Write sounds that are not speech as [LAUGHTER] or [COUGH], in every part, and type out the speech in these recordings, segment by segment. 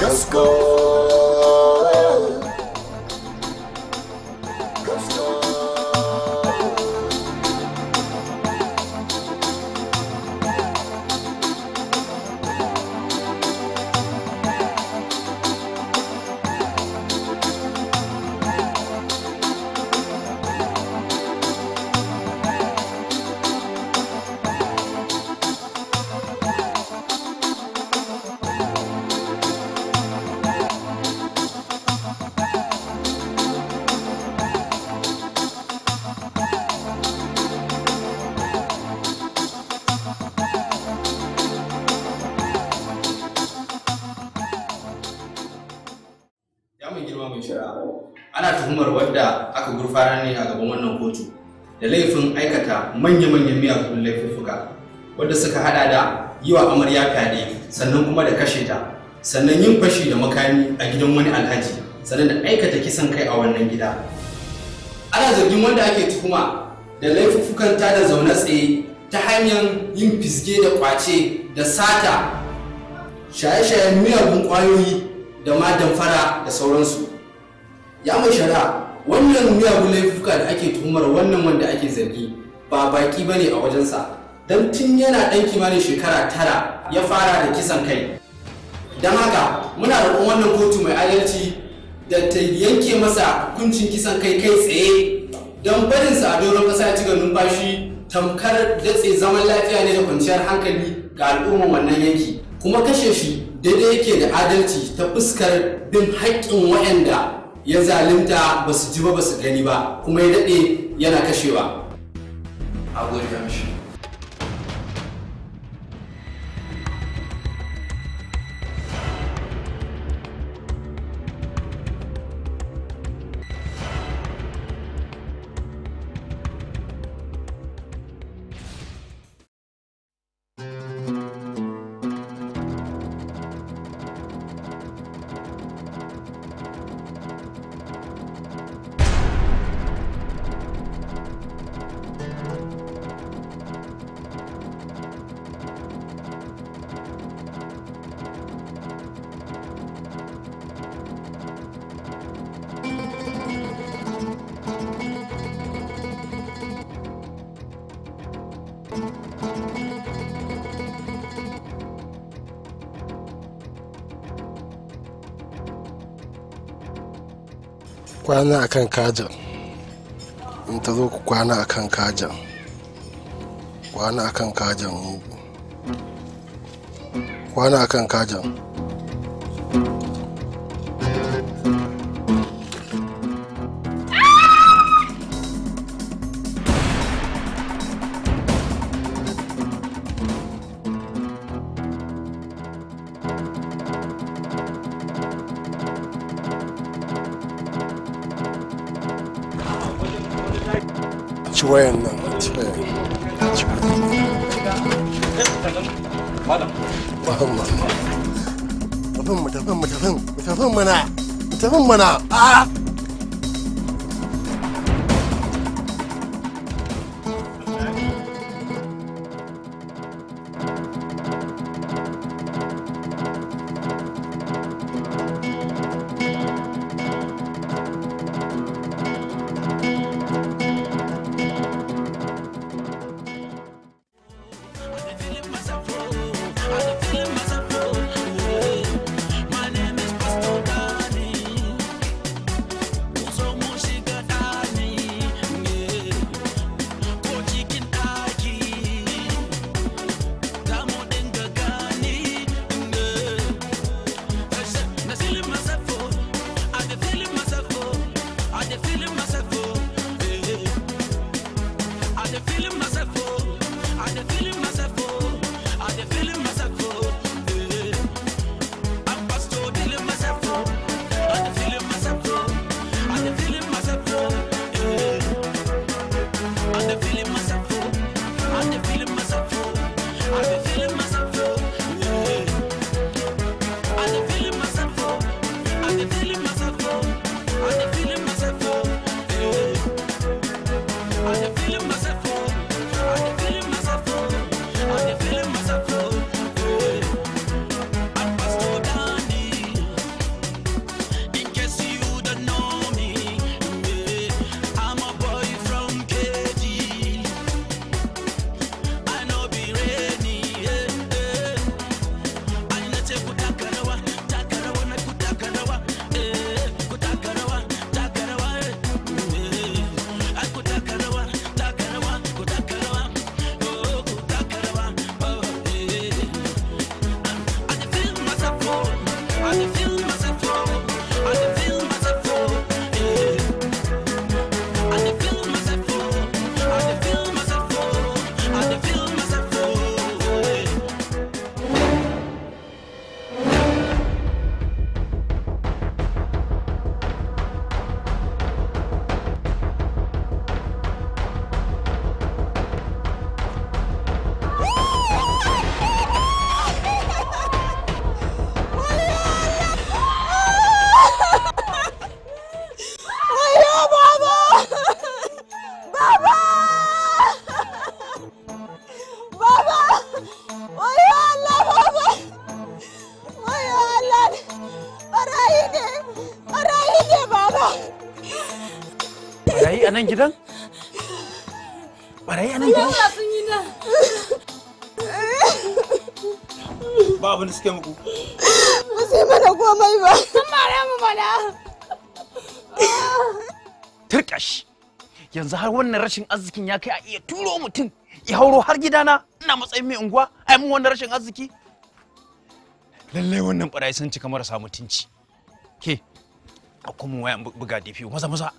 Let's go. yi wa amarya fyaɗe sannan kuma da kashe ta sannan yin fashi da makami a gidan wani alhaji sannan da aikata kisan kai a wannan gida ana zargin wanda ake tuhuma da laifuffukan ta da zaune tsaye ta hanyar yin fisge da kwace da sata shaye-shayen miyagun kwayoyi da ma damfara da sauransu ya mai shara, wannan miyagun laifuka da ake tuhumar wannan wanda ake zargi ba baki bane a wajensa don tun yana ɗan kimanin shekara tara ya fara da kisan kai don haka muna roƙon wannan kotu mai adalci da ta yanke masa hukuncin kisan kai kai tsaye don barinsa a doron ƙasa ya ci ga numfashi tamkar datse zaman lafiya ne da kwanciyar hankali ga al'ummar wannan yanki kuma kashe shi daidai yake da adalci ta fuskar bin haƙƙin waɗanda ya zalunta ba su ji ba ba su gani ba kuma ya daɗe yana kashewa a gode kwana a kan kajan in ta zo ku kwana a kan kajan kwana a kan kajan kwana a kan kajan 啊！abin da suke muku ba sai mana komai ba sun mare mu mana yanzu har wannan rashin arzikin ya kai a iya turo mutum ya hauro har gidana ina matsayin mai unguwa ai mun wannan rashin arziki lallai wannan barayi sun cika marasa mutunci ke a kuma wayan buga dafi maza maza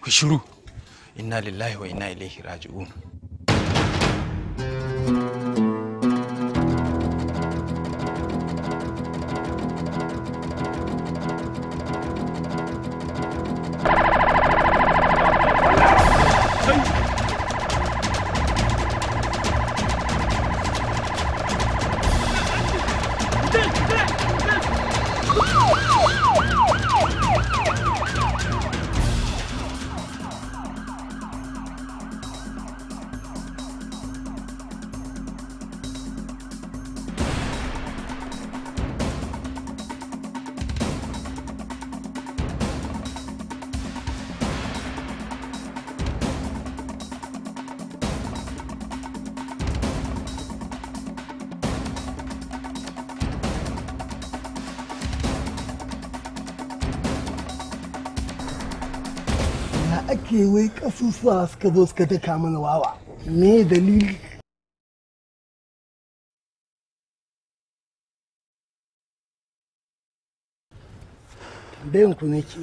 ku shiru inna lillahi wa inna ilaihi raji'un ke wai kasusuwa suka zo suka daka mana wawa me dalili ku nake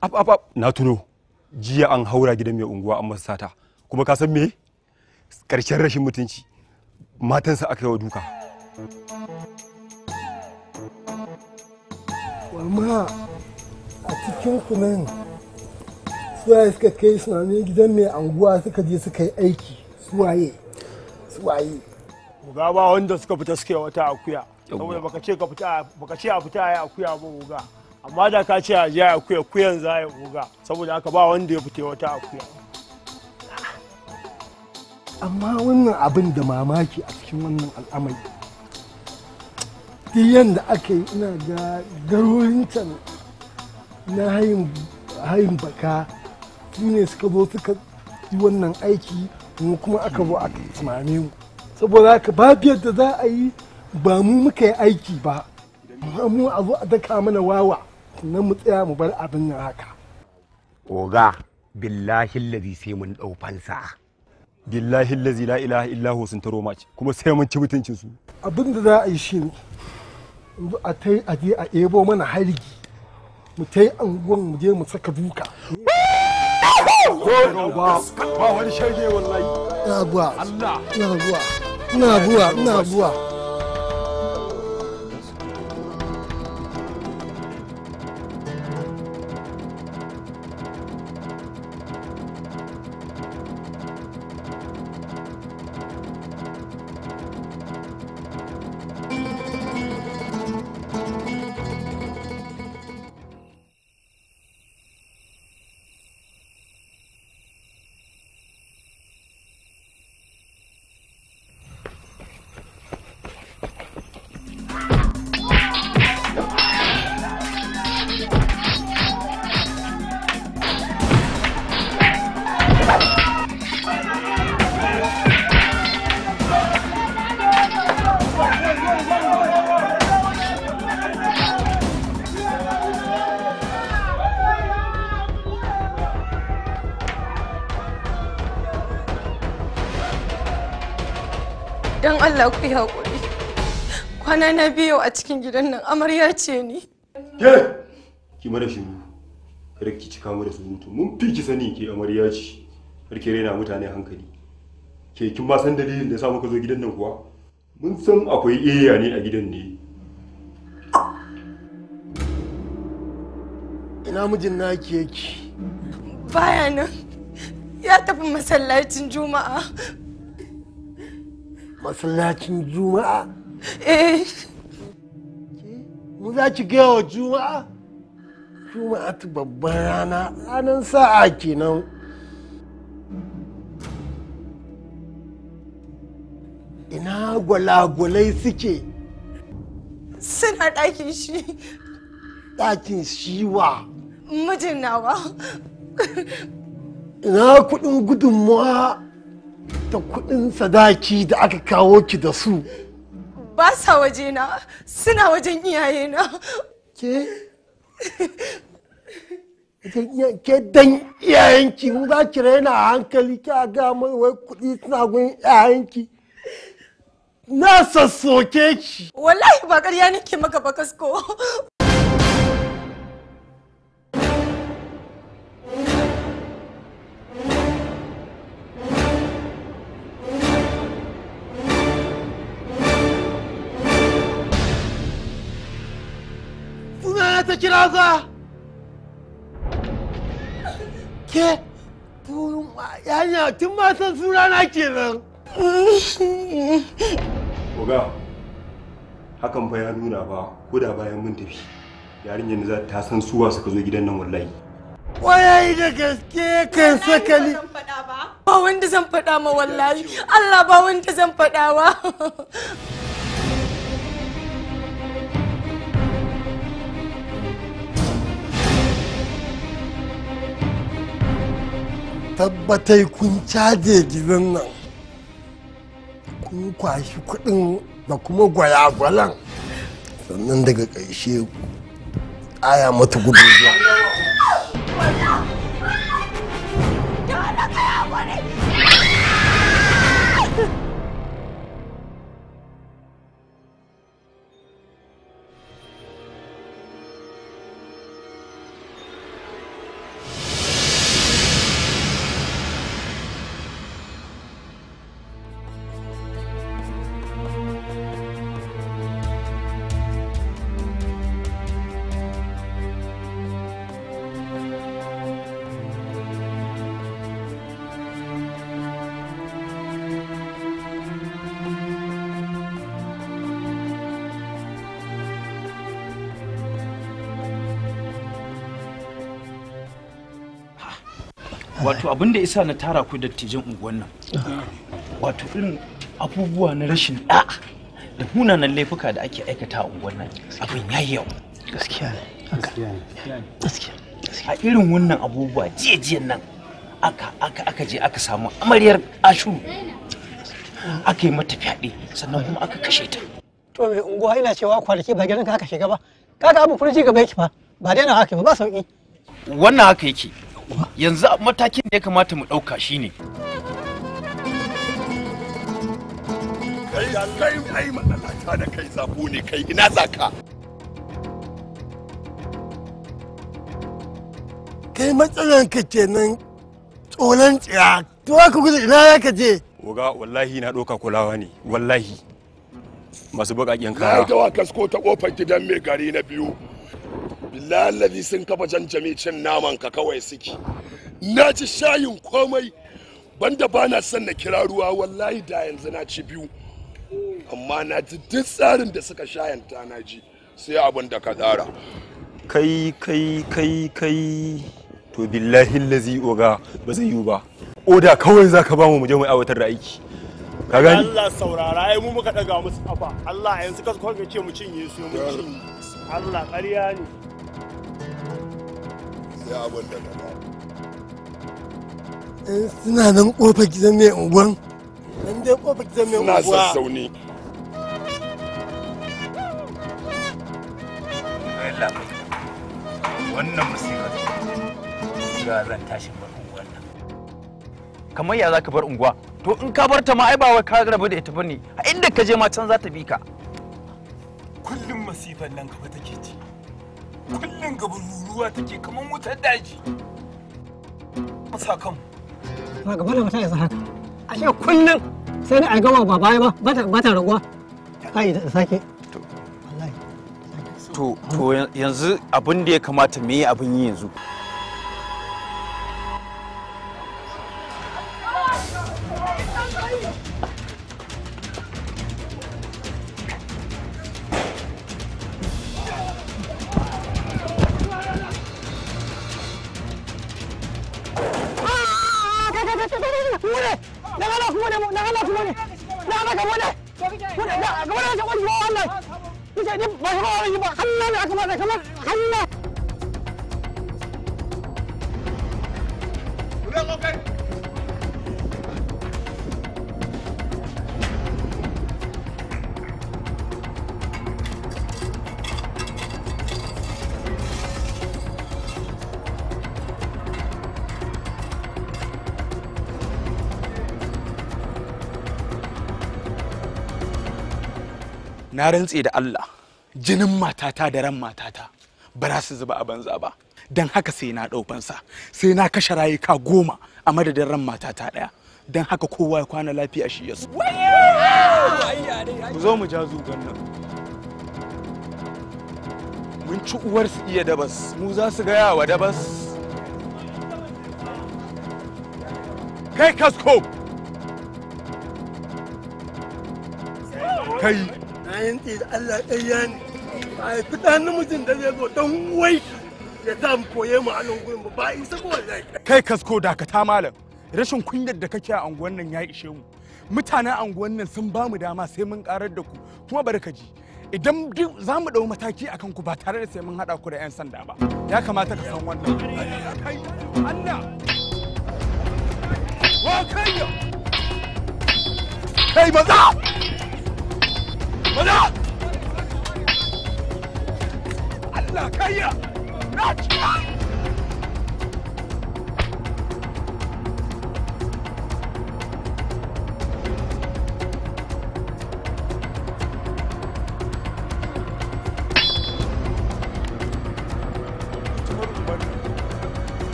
ap ap ap na tuno jiya an haura gidan mai unguwa an masa sata kuma ka san me karshen rashin mutunci matansa aka yi wa duka amma a cikin kunan. suwaye suka kai sunani gidan mai anguwa suka je suka yi aiki suwaye suwaye guga ba wanda suka fita suke wata akuya saboda baka ce ka fita baka ce a fita ya akuya ba uga amma da ka ce a ya akuya kuyan za ya uga saboda haka ba wanda ya fita wata akuya amma wannan abin da mamaki a cikin wannan al'amari duk yadda aka yi ina ga garorin can na hayin baka su ne suka zo suka yi wannan aiki mu kuma aka zo aka tsimame mu saboda haka babu yadda za a yi ba mu muka yi aiki ba mu a zo a daka mana wawa sannan mu tsaya mu bar abin nan haka oga billahi lazi sai mun dau fansa billahi lazi la ilaha illa hu sun taro mace, kuma sai mun ci mutuncin su abin da za a yi shi shine a tai a je a ebo mana harigi mu tai anguwan mu je mu saka duka ba wani shege wallahi ina buwa ina buwa ina buwa ina zuwa yi haƙuri. Kwana na biyu a cikin gidan nan amarya ce ni. Ke! Ki mara shiru. Kada ki cika mu da surutu. Mun fi ki sani ke amarya ce. Kar ki raina mutane hankali. Ke kin ba san dalilin da ya sa muka zo gidan nan kuwa? Mun san akwai iya ne a gidan ne. Ina mijin na ke ki. Baya nan. Ya tafi masallacin Juma'a masallacin juma'a eh mu za ki gaya wa juma'a juma'a ta babban rana ranar sa'a kenan ina gwalagwalai suke suna ɗakin shi ɗakin shiwa mijin nawa ina kuɗin gudunmawa da kuɗin sadaki da aka kawo ki da su ba sa waje na suna wajen iyaye na ke ke dan iyayenki mu za ki raina hankali ki ga mai wai kuɗi suna gun iyayenki na sassoke ki wallahi ba ƙarya nake maka ba kasko ina ta kira za ke yanya tun ma san suna na kenan oga hakan fa ya nuna ba ko da bayan mun tafi yarinyar za ta san suwa suka zo gidan nan wallahi Wayayi da gaske kan sakali. Ba wanda zan faɗa ma wallahi. Allah ba wanda zan faɗa wa. tabbatai kun caje gidan nan kun kwashi kudin da kuma gwayagwalan sannan daga ƙarshe aya mata gudu zuwa wato abin da isa na tara ku dattijan unguwan nan wato irin abubuwa na rashin da'a da munanan laifuka da ake aikata a unguwan nan abin ya yi yau gaskiya ne gaskiya a irin wannan abubuwa jiyajiyan nan aka aka aka je aka samu amaryar ashu aka yi mata fyaɗe sannan kuma aka kashe ta to mai unguwa ina cewa kwanaki ba gidan ka aka shiga ba kaga abu furji gaba yake fa ba daina haka ba ba sauki wannan haka yake yanzu matakin da ya kamata mu ɗauka shine kai ai matsalata da kai zafu ne kai ina zaka kai matsalan ka kenan tsoron tsira. to ka gudu ina za ka je Oga wallahi na ɗauka kulawa ne wallahi masu buƙaƙen kaya. Na yi ta kasko ta ƙofar gidan mai gari na biyu lalabi sun kafa janjami cin naman ka kawai suke na ci shayin komai banda ba na son na kira ruwa wallahi da yanzu na ci biyu amma na ji duk tsarin da suka shayanta na ji sai abin da ka tsara kai kai kai kai to billahi lazi oga ba zai yiwu ba oda kawai za ka ba mu je mu aiwatar da aiki ka gani Allah saurara ai mu muka daga musu kafa Allah yanzu ka kwanke ce mu cinye su mu cinye Allah ƙarya ne ya abin eh, suna nan kofar gidan mai unguwan nan dai kofar gidan mai unguwa suna sassauni wannan musibar ga zan tashi bar unguwan nan kamar ya zaka bar unguwa to in ka bar ta ma ai ba wai ka rabu da ita bane inda ka je ma can za ta bi ka kullum masifan nan gaba ke ci wannan gaban ruwa take kamar wutar daji masa kan ba gaba da mata yanzu haka ashe kullum sai na gama ba baya ba ba ta raguwa kai da sake to to yanzu abin da ya kamata me yi abin yi yanzu na rantse da Allah jinin matata da ran matata ba za su zuba a banza ba don haka sai na ɗaufansa sai na kashe rayuka goma a madadin ran matata ɗaya don haka kowa ya kwana lafiya shi ya su mu zo mu ja zugan nan mun ci uwar su iya dabas mu za su gaya wa dabas kai kasko kai na yanke da Allah ɗaya ne a fi da zai zo don wai ya mu koye mu isa ko wallahi kai kasko dakata malam rashin kunyar da kake a anguwan nan ya ishe mu mutanen anguwan nan sun ba mu dama sai mun karar da ku kuma barkaji idan za mu ɗau mataki a ku ba tare da sai mun hada ku da 'yan sanda ba ya kamata ka san wannan Allah wa kai kai Maza! Allah kayya! Na cika!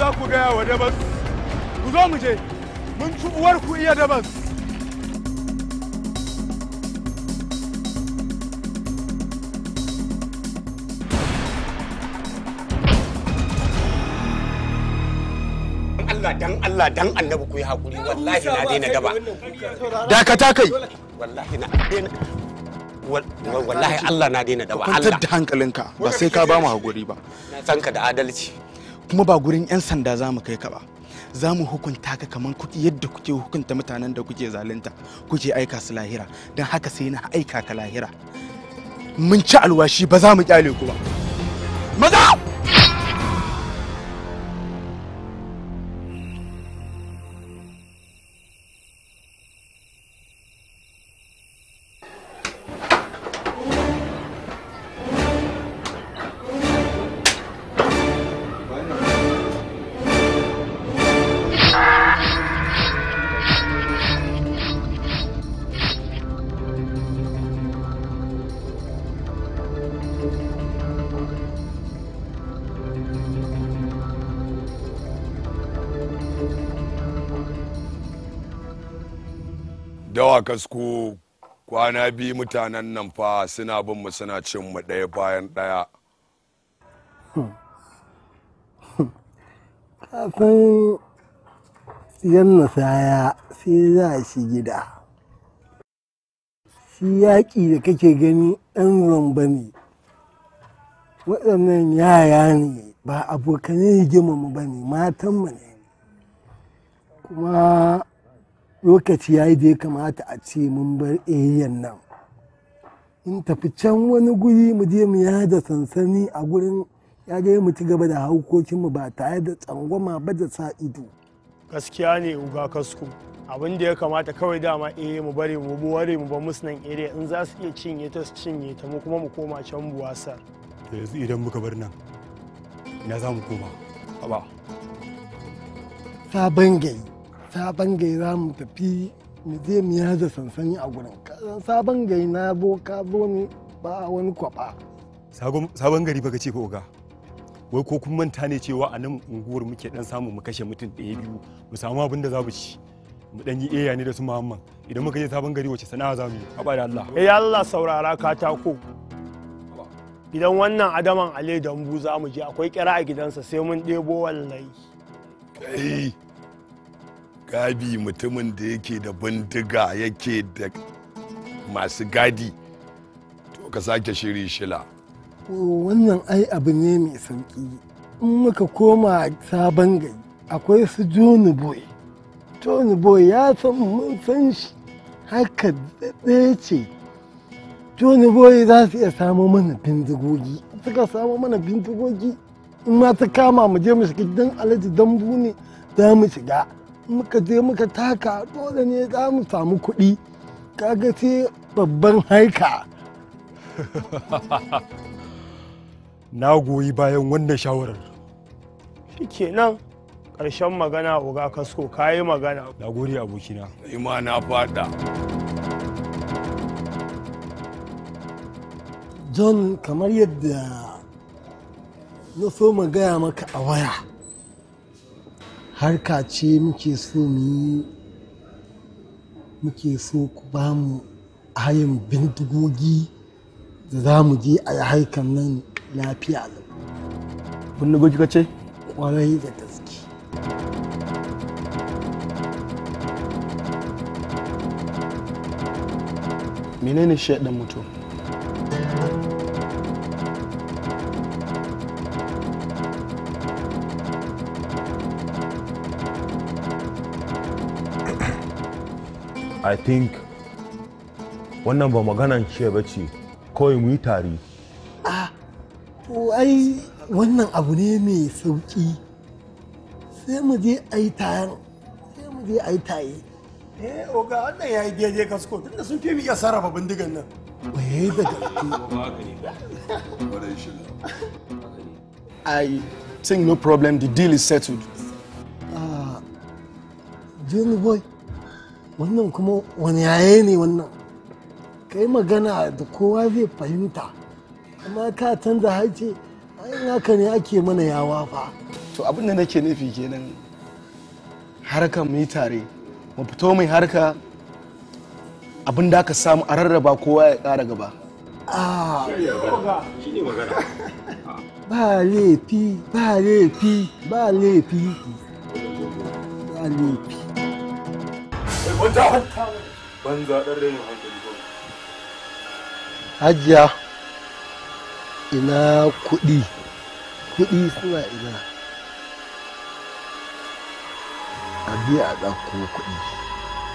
za ku gaya wa dabas ku zo mu je mun ci uwar ku iya dabas Allah dan annabi ku yi hakuri wallahi na daina daba dakata kai wallahi na daina wallahi Allah na daina daba Allah kwantar da hankalinka ba sai ka ba mu hakuri ba na san ka da adalci kuma ba gurin yan sanda za mu kai ka ba za mu hukunta ka kamar kuɗi yadda kuke hukunta mutanen da kuke zalunta kuke aika su lahira don haka sai na aika ka lahira mun ci alwashi ba za mu kyale ku ba maza kasko kwana biyu mutanen nan fa suna bin mu suna cin mu ɗaya bayan ɗaya kafin yan nasaya sai za shi gida shi yaƙi da kake gani ɗan zamba ne waɗannan yaya ne ba abokanin mu ba ne matanmu ne kuma lokaci ya yi da ya kamata a ce mun bar eriyan nan in tafi can wani guri mu je mu yada sansani a gurin ya ga mu ci gaba da haukokinmu ba tare da tsangwama ba da sa ido gaskiya ne uga kasku abin da ya kamata kawai dama eh mu bari mu buware mu ba musu nan area in za su iya cinye ta su cinye ta mu kuma mu koma can buwasar to yanzu idan muka bar nan ina za mu koma aba sabon gari sabon gai za mu tafi mu je mu yaza sansani a gurin sabon gai na bo ka zo ne ba wani kwaba sabon gari baka ce ko ga wai ko kun manta ne cewa a nan unguwar muke dan samu mu kashe mutum ɗaya biyu mu samu abin da za mu ci mu dan yi iya ne da su muhammad idan muka je sabon gari wace sana'a za mu yi haɓa da allah eh allah saurara katako idan wannan adaman ale dambu za mu je akwai kira a gidansa sai mun ɗebo wallahi gabi mutumin da yake da bindiga yake da masu gadi to ka sake shiri shila wannan ai abu ne mai sauki in muka koma sabon gari akwai su joni boy joni boy ya san mun san shi haka ɗaya ce joni boy za su iya samo mana bindigogi suka samu mana bindigogi in ma ta kama mu je mu shiga gidan alhaji dambu ne za mu shiga muka je muka taka dole ne za mu samu kuɗi kaga sai babban haika [LAUGHS] na goyi bayan wannan shawarar shikenan ƙarshen magana uga kasko yi magana na gode abokina ima na fada john kamar yadda na so gaya maka a waya harka ce muke so mu yi muke so ku ba mu hayan bindigogi da za mu je a yi harkar nan lafiya lau. bindigogi ka ce? kwarai da gaske. menene shaɗin mutum? i think wannan ba maganan ce ba ce kawai mu yi tari ah to wannan abu ne mai sauki sai mu je a yi tayan sai mu je a yi taye eh oga wannan ya yi daidai kasko tunda sun fi iya sarrafa bindigan nan wai eh, da i think no problem the deal is settled ah uh, boy wannan kuma wani yaye ne wannan kai magana da kowa zai fahimta amma ka canza harshe ayin haka ne ake mana yawa fa to abin da nake nufi kenan harkar mai yi tare mu fito mai harka abin da aka samu a rarraba kowa ya ƙara gaba ah. [LAUGHS] ba laifi ba laifi ba laifi ba laifi wata hajiya ina kuɗi kuɗi suna ina a biya a ɗauko kuɗi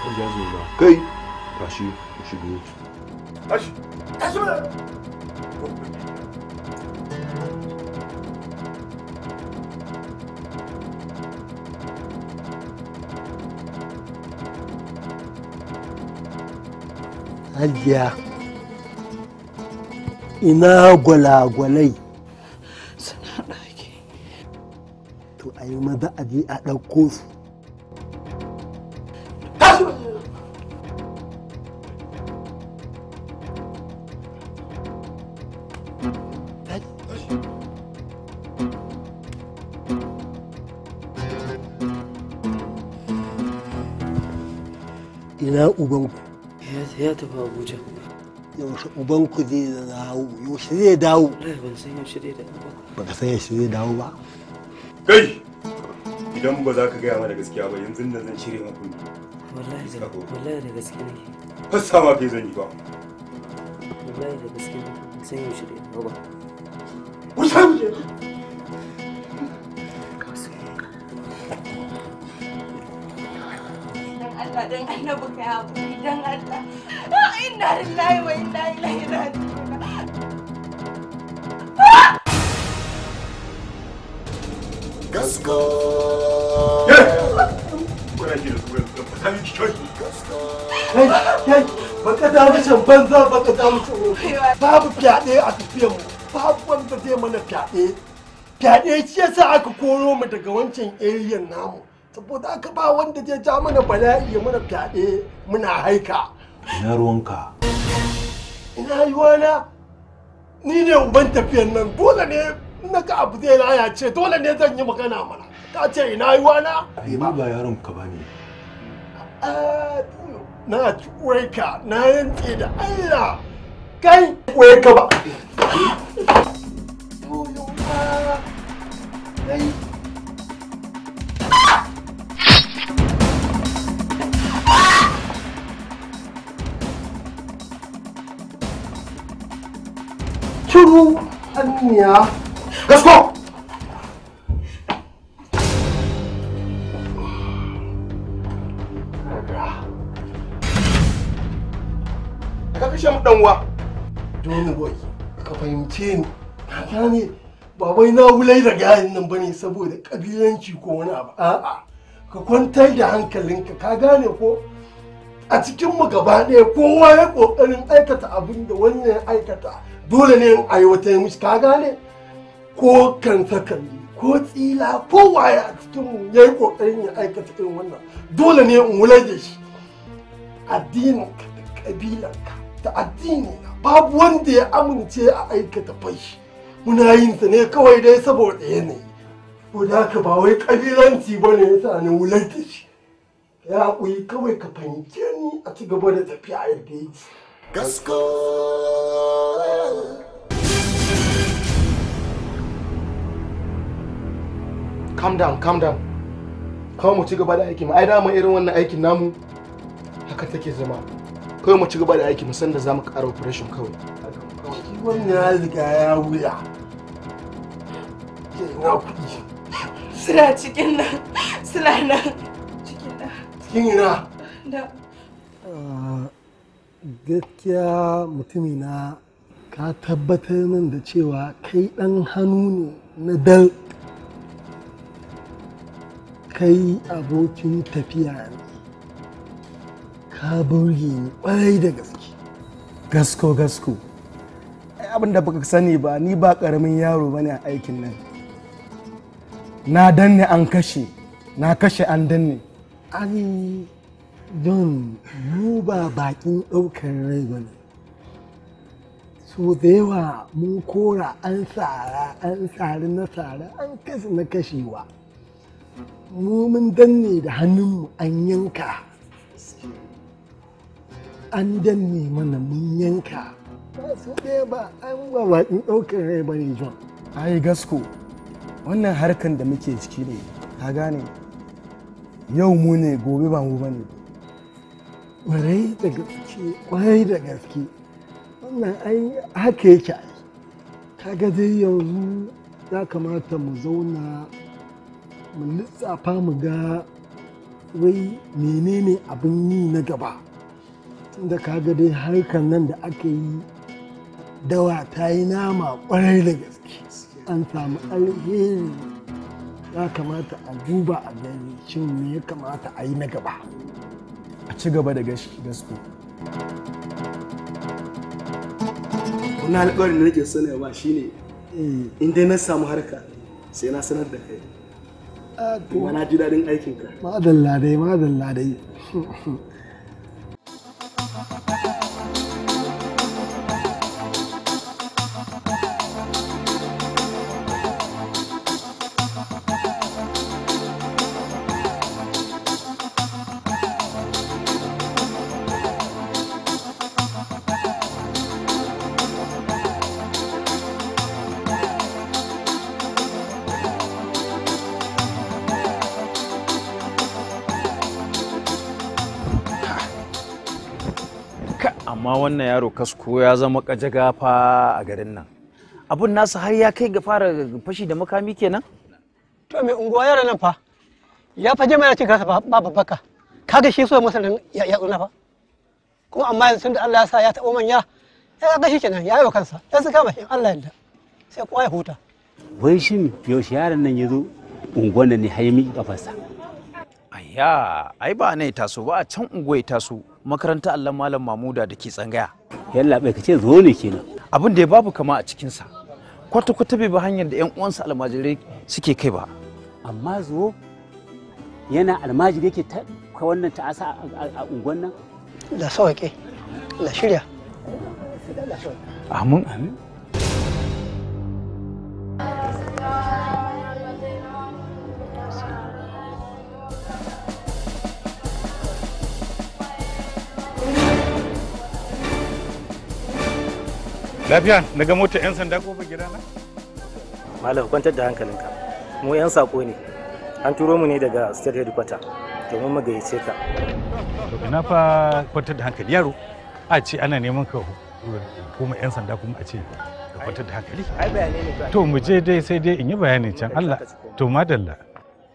hajiya kai tashi shigo tashi tashi hajiya ina gwalagwalai suna ɗaki to a yi maza a je a ɗauko su ina ubanku sai ya tafi abuja yaushe ubanku zai dawo yaushe zai dawo ban san yaushe zai dawo ba ka san yaushe zai dawo ba kai idan ba za ka gaya mana gaskiya ba yanzu nan zan shirya maka wallahi da wallahi da gaske ne fassa ma zan yi ba wallahi da gaske ne san yaushe zai dawo ba wata mu inna lillahi wa inna ilaihi raji'un gasko baka damu can banza baka damu can babu fyaɗe a tafiyar mu babu wanda zai mana fyaɗe fyaɗe shi yasa aka koro mu daga wancan area namu saboda aka ba wanda zai ja mana bala'i ya mana fyaɗe muna haika ina ruwanka ina yiwana ni ne uban tafiyan nan dole ne na ka abu zai laya ce dole ne zan yi magana mana ka ce ina yiwana ni ba yaron ka bane na tuwai ka na yanke da Allah kai tuwai ka ba ah, shiru anniya gasko ka kashe mu dan uwa dole boy ka fahimce ni ka gane ba wai na wulai da gayin nan bane saboda kabilanci ko wani abu a'a ka kwantar da hankalinka ka gane ko a cikin mu gaba ɗaya kowa ya ƙoƙarin aikata abin da wannan ya aikata dole ne a yi wata yi ka gane ko kan sakali ko tsila ko waya a cikin ya yi kokarin ya aikata irin wannan dole ne in da shi addininka da ƙabilanka da addini babu wanda ya amince a aikata fashi muna yin sa ne kawai dai saboda yanayi ko da ka ba wai ƙabilanci ba ne yasa ni da shi ya kuyi kawai ka fahimce ni a ci gaba da tafiya yadda yake gaskiya calm down calm down kawai mu ci gaba da aiki mu ai dama irin wannan aikin namu haka take zama kawai mu ci gaba da aiki mu san da zamu ƙara operation kawai shi wannan ya riga ya wuya na kuɗi suna cikin nan suna nan cikin nan cikin ina da gaskiya mutumina ka tabbatar min da cewa kai ɗan hannu ne na dal kai abokin tafiya ne ka burge ni ƙwarai da gaske gasko gasko abin da baka sani ba ni ba ƙaramin yaro bane a aikin nan na danne an kashe na kashe an danne ani don mu ba bakin ɗaukar rai ba ne so da yawa mun kora an tsara an tsari na tsara an kashe na kashewa mu mun danne da hannunmu an yanka an danne mana mun yanka ba su ɗaya ba an ba in ɗaukar rai ba ne john ai gasko wannan harkan da muke ciki ne ka gane yau mu ne gobe ba mu ba ne da gaske warai da gaske wannan ai haka yake ka ga dai yanzu ya kamata mu zauna mu lissafa mu ga wai menene abin yi na gaba tunda kaga dai harkar nan da aka yi dawa ta yi nama kwarai da gaske an samu alheri ya kamata a duba a gani cin me ya kamata a yi na gaba a ci gaba da gaske wani alƙawarin da nake sanarwa shine eh. in dai na samu harka sai na sanar da kai kuma na ji daɗin aikinka madalla dai madalla dai [LAUGHS] wannan yaro kasko ya zama kaje gafa a garin nan abun nasu har ya kai ga fara fashi da makami kenan to mai unguwa yara nan fa ya faje mai cin kasa ba babbaka kaga shi so masa ya ya tsuna fa kuma amma yanzu da Allah ya sa ya tabo manya ya ga shi kenan ya yi wa kansa ya su kama shi Allah yadda sai kowa ya huta wai shin yaushe yaron nan ya zo unguwan nan ne har kafarsa ayya ai ba ne taso ba a can unguwa ya taso makarantar allon malam mamuda da ke tsangaya yalla bai kace zo ne kenan abin da ya babu kama a cikinsa kwata kwata bai ba hanyar da yan uwansa almajirai suke kai ba amma zo yana almajiri yake ta wannan ta'asa a ungwan nan la sauke la shirya amin amin lafiya na ga motar 'yan sanda kofa gidana malam kwantar da hankalinka mu 'yan sako ne an turo mu ne daga state headquarter domin mu gayyace ka to ina fa kwantar da hankali yaro a ce ana neman ka kuma 'yan sanda kuma a ce ka kwantar da hankali to mu je dai sai dai in yi bayanin can allah to madalla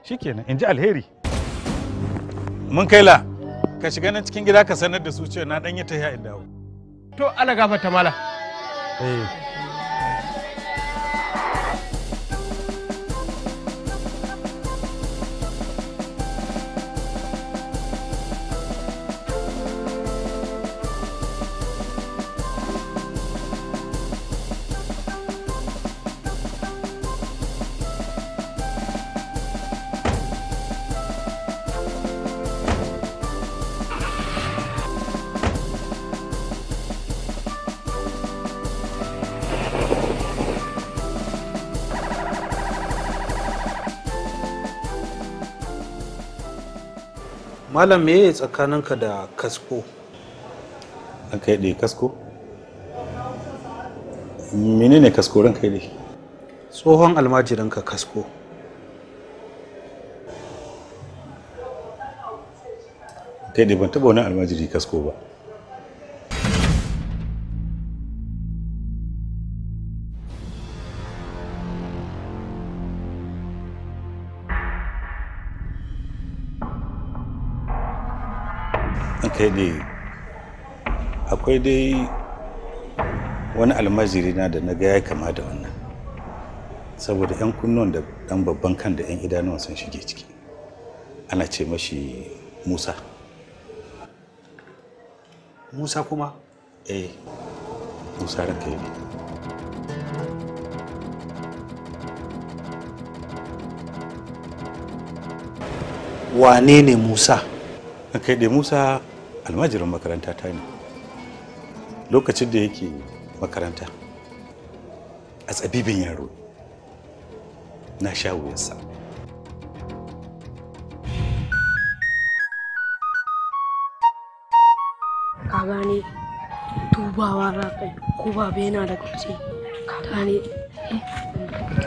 shikenan in ji alheri mun kai la ka shiga nan cikin gida ka sanar da su cewa na dan yi ta in dawo to ala gafarta mala Ei. malam me tsakaninka da kasko an kai ɗaya kasko menene kasko ran kai ɗaya tsohon almajirinka kasko kai ɗaya ban taɓa wani almajiri kasko ba akwai dai wani almajiri na da na ga ya kama da wannan saboda 'yan kunnon da dan babban kan da 'yan idanuwan sun shige ciki ana ce mashi musa musa kuma eh musa ranka yi wane ne musa kai da musa almajirin makaranta ta ne lokacin da yake makaranta a tsabibin yaro na sha wuyarsa ka gane dubawa ra kai ko ba yana da kuce ka gane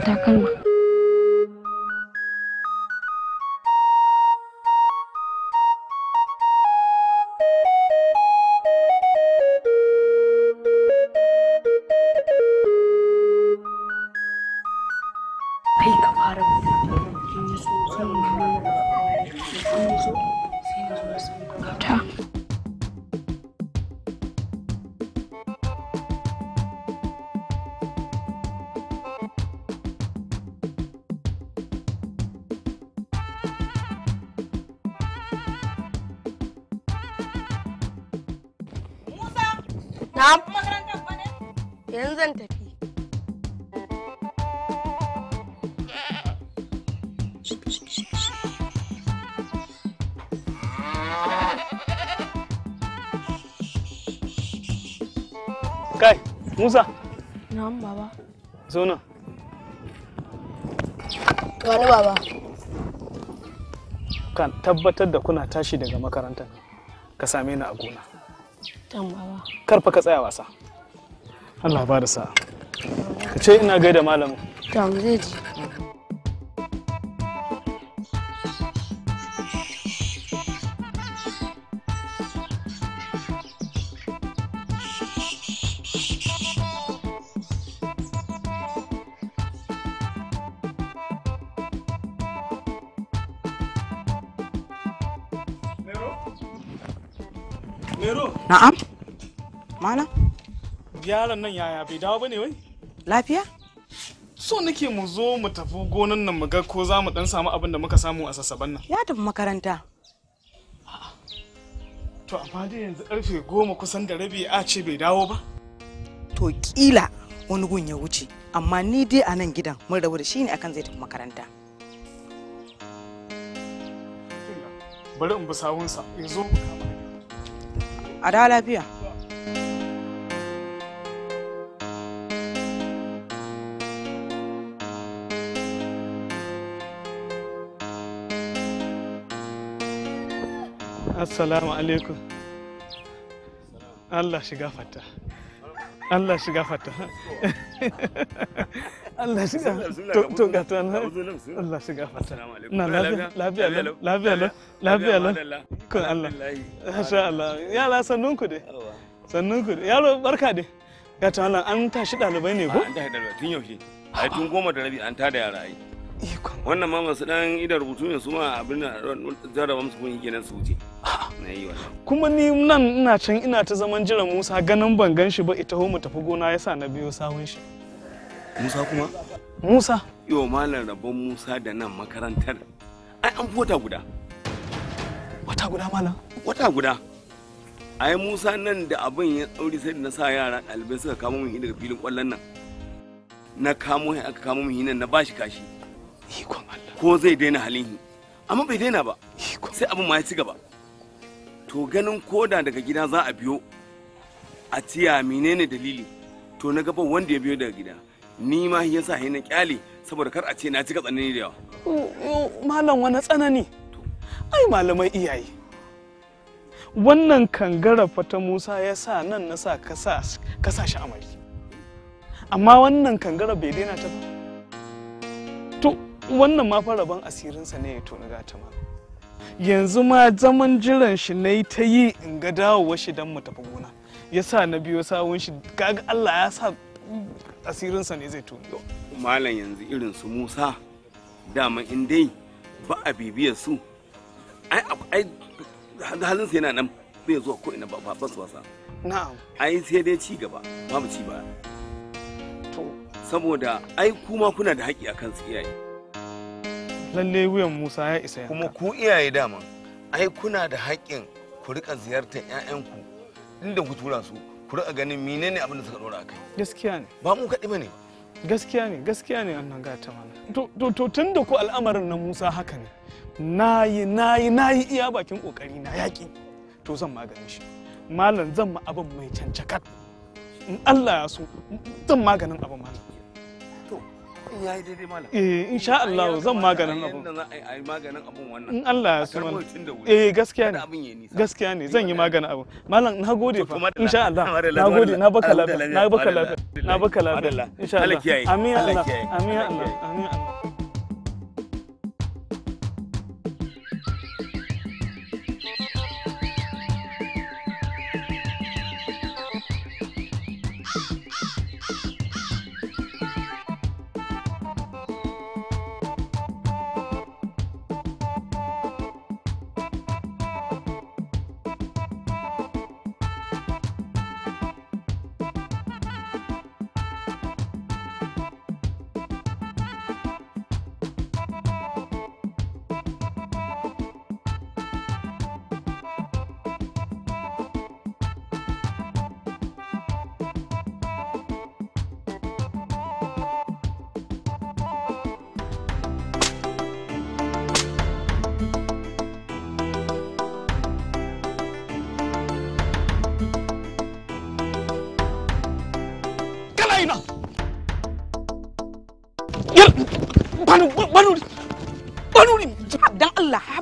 takalma zona wani baba kan tabbatar da kuna tashi daga makarantar ka same ni a gona kar fa ka tsaya wasa Allah ba da sa'a ka ce ina gaida malamin zai Na'am? Malam? Yaron nan yaya bai dawo bane wai? Lafiya? So nake mu zo mu tafi gonan nan mu ga ko za mu dan samu abin da muka samu a sassaban nan. Ya tafi makaranta. To amma dai yanzu karfe goma kusan da rabi a ce bai dawo ba? To kila wani gun ya wuce amma ni dai a nan gidan mun rabu da shi ne akan zai tafi makaranta. Bari in bi sawunsa ya zo mu kama. a da lafiya assalamu alaikum Allah shiga fata Allah shiga fata [LAUGHS] Allah [LAUGHS] shiga to ga ta nan Allah shiga assalamu alaikum na lafiya lafiya lafiya lafiya lafiya Kun Allah masha Allah yara sannun ku dai sannun ku yaro barka dai ga ta nan an tashi dalibai ne ko an tashi dalibai tun yaushe ai tun goma da rabi an tada yara ai wannan ma masu dan idan rubutu ne su ma abin da jarraba musu kun kenan su wuce kuma ni nan ina can ina ta zaman jiran Musa ganin ban gan shi ba ita homa mu tafi gona yasa na biyo sawun shi Musa kuma? Musa. Yo malam rabon Musa da nan makarantar. Ai an fi wata guda. Wata guda malam? Wata guda. Ai Musa nan da abin ya tsauri sai da na sa yara ɗalibai suka kamo min daga filin ƙwallon nan. Na kamo shi aka kamo min nan na bashi kashi. Ikon Allah. Ko zai daina halin Amma bai daina ba. Sai abin ma ya ci gaba. To ganin koda daga gida za a biyo a tiya menene dalili to na gaba wanda ya biyo daga gida ni ma ya sa na kyale saboda kar a ce na cika tsanani da yawa malam wani tsanani ai malamai iyaye wannan kangara fata musa ya sa nan na sa ka sa shi amari amma wannan kangara bai daina ta ba to wannan ma rabon asirinsa ne ya tona gata ma yanzu ma zaman jiran shi na yi ta yi in ga dawowa shi don mu tafi gona Yasa na biyo sawun shi kaga allah ya sa asirinsa ne zai tuniyo malam yanzu irin su musa dama in dai ba a bibiyar su ai ai halin yana nan bai zuwa ko ina ba ba su wasa na'am ai sai dai ci gaba babu ci ba to saboda ai kuma kuna da haƙƙi akan su iyaye lalle wuyan musa ya isa kuma ku iyaye dama ai kuna da haƙƙin ku rika ziyartar 'ya'yanku inda ku tura su ku a ganin menene abin da suka dora kai. gaskiya ne ba mu kaɗi bane gaskiya ne gaskiya ne annan gata mana to to tun da ku al'amarin na Musa haka ne nayi nayi nayi iya bakin kokari na yaki to zan maganin shi malam zan ma abin mai cancakat in Allah ya so zan maganin abin malam faɗi ya yi daidai malam eh insha Allah zan maganin abun ai maganin abun wannan in Allah ya so eh gaskiya ne gaskiya ne zan yi maganin abun malam na gode fa insha Allah na gode na baka lafiya na baka lafiya na baka lafiya insha Allah amin Allah amin Allah amin Allah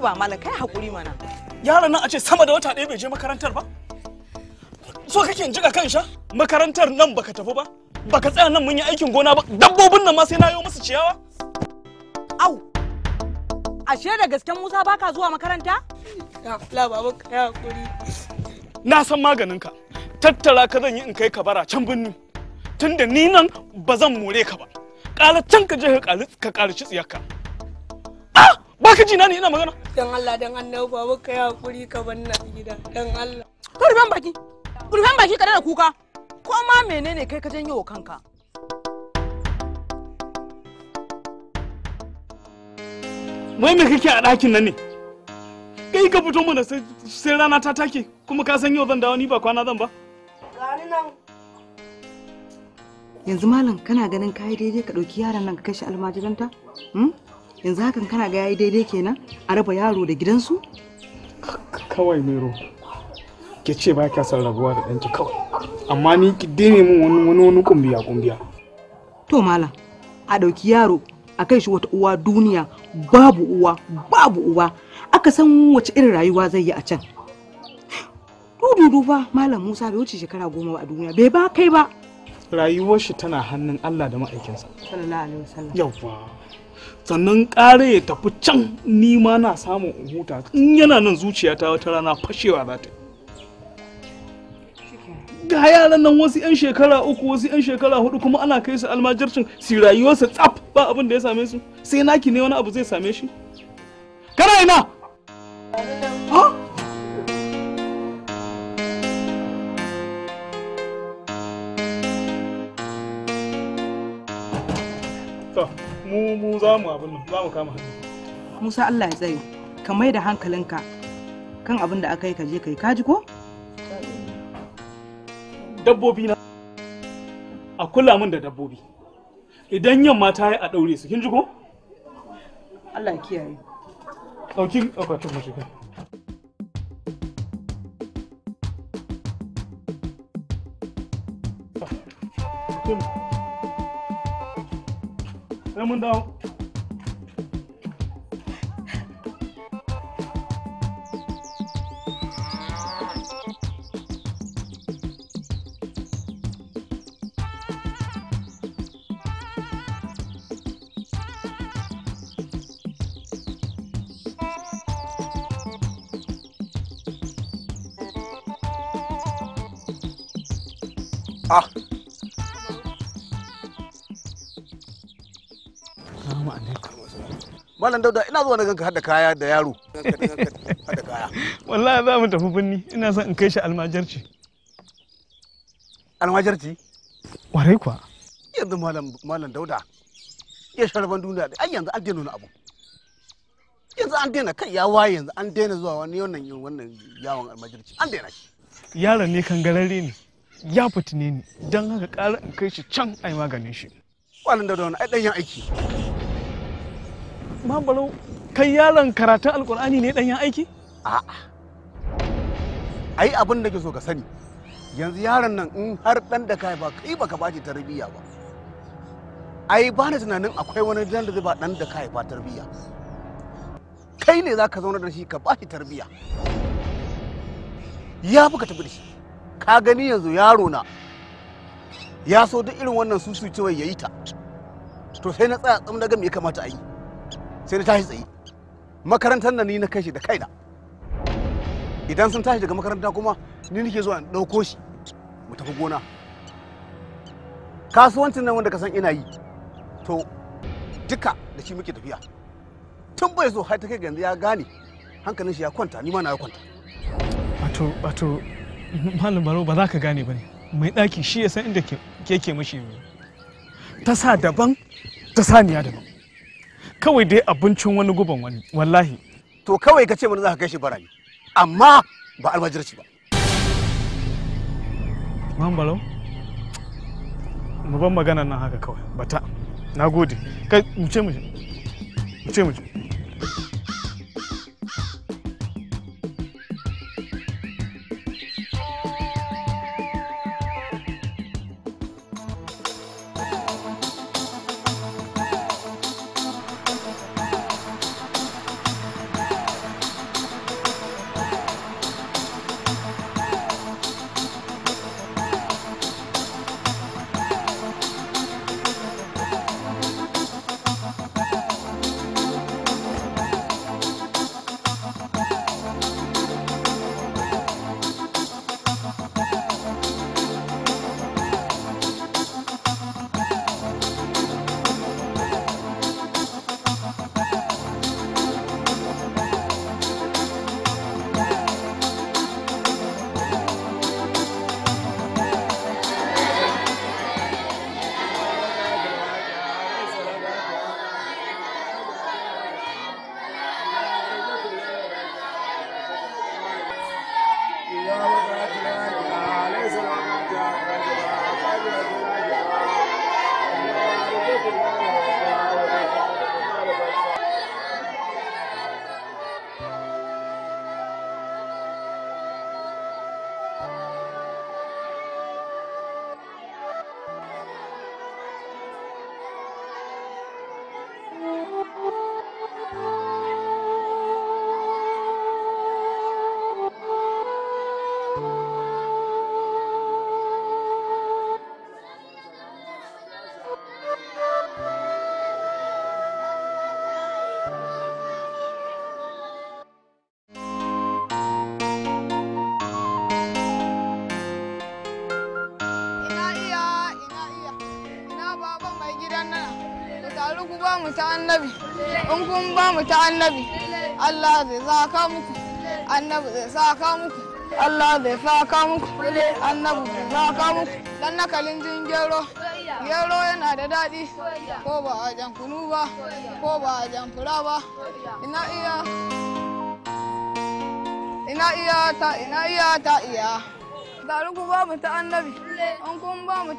ba malam kai hakuri mana yaron nan a ce sama da wata ɗaya bai je makarantar ba so kake jiga kansha makarantar nan baka tafi ba baka tsaya nan mun yi aikin gona ba dabbobin nan ma sai na yo musu ciyawa au ashe da gasken musa baka zuwa makaranta na san maganin ka tattara ka zan yi in kai ka bara can binni tunda ni nan ba zan more ka ba ƙala can ka je ka ƙarci tsiyarka ah ba ka ji na ne ina magana dan Allah dan Allah baba kai hakuri ka bar na gida dan Allah ka rufe baki rufe baki ka dana kuka ko ma menene kai ka janye wa kanka wai me kake a ɗakin nan ne kai ka fito mana sai rana ta take kuma ka san yau zan dawo ni ba kwana zan ba gani nan yanzu malam kana ganin kayi daidai ka ɗauki yaran nan ka kai shi almajiranta hmm? yanzu hakan kana ga yayi daidai kenan a raba yaro da gidansu kawai mero ke ce ba ka san rabuwa da ɗanki kawai amma ni ki dene min wani wani wani kumbiya kumbiya to mala a ɗauki yaro a kai shi wata uwa duniya babu uwa babu uwa aka san wace irin rayuwa zai yi a can dudu ba malam musa bai wuce shekara goma ba a duniya bai ba kai ba rayuwar shi tana hannun allah da ma'aikinsa sallallahu alaihi wasallam yawwa sannan ƙare ya tafi can ni ma na samun in huta in yana nan zuciyata wata rana fashewa za ta ga yaran nan wasu 'yan shekara uku wasu 'yan shekara hudu kuma ana kai su almajircin su rayuwarsa tsaf ba abin da ya same su sai naki ne wani abu zai same shi kana ina mu za mu abin nan za mu kama hannu Musa Allah ya tsaye ka mai da hankalinka kan abin da aka yi ka je kai kaji ko dabbobi na a kula min da dabbobi idan yamma ta yi a daure su kin ji ko Allah ya kiyaye dauki akwatin mashiga Thank you. Não, mundão. Ah. Malam Dauda ina zuwa na ganka hada kaya da yaro. [LAUGHS] Wallahi za mu tafi binni ina son in kai shi almajarci. Almajarci? Warai kuwa. Yanzu malam malam Dauda ya sharban duniya da ai yanzu an daina abu. Yanzu an daina kai ya waye yanzu an daina zuwa wani wannan wannan yawon almajarci an daina shi. Yaron ne kan kangararre ne. Ya fitine ni don haka ƙara in kai shi can ai maganin shi. Malam Dauda wani ai ɗanyen aiki. Mambarau, kai yaron karatun alkur'ani ne ɗanyen aiki? A'a. Ai abin da ke so ka sani, yanzu yaron nan in har ɗan da kai ba kai baka ba shi tarbiyya ba. Ai ba na tunanin akwai wani dan da zai ba ɗan da kai ba tarbiyya. Kai ne za ka zauna da shi ka ba shi tarbiyya. Ya fi ka tafi da shi. Ka gani yanzu yaro na ya so duk irin wannan susu cewa ya yi ta. To sai na tsaya tsam daga ga me ya kamata a yi. sai na tashi tsaye makarantar nan ni na kai shi da kaina idan sun tashi daga makaranta kuma ni nake zuwa in ɗauko shi mu tafi gona kasuwancin nan wanda ka san ina yi to duka da shi muke tafiya tun bai zo har ta kai yanzu ya gane hankalin shi ya kwanta ni ma na ya kwanta wato wato malam baro ba za ka gane ba ne mai ɗaki shi ya san inda ke ke mashi ta sa daban ta saniya daban kawai dai abincin wani guban wani wallahi to kawai ka ce mana za ka kai shi barami amma ba almajirci ba man barau mu ban magana nan haka kawai bata na gode kai mu ce mu ce mu ce mu ce kun ba mu ta annabi Allah zai zaka muku annabi zai zaka muku Allah zai zaka muku annabi zai zaka muku dan nakalin jin gero gero yana da daɗi ko ba a jan kunu ba ko ba a jan fura ba ina iya ina iya ta ina iya ta iya bari ku ba mu ta annabi an kun ba mu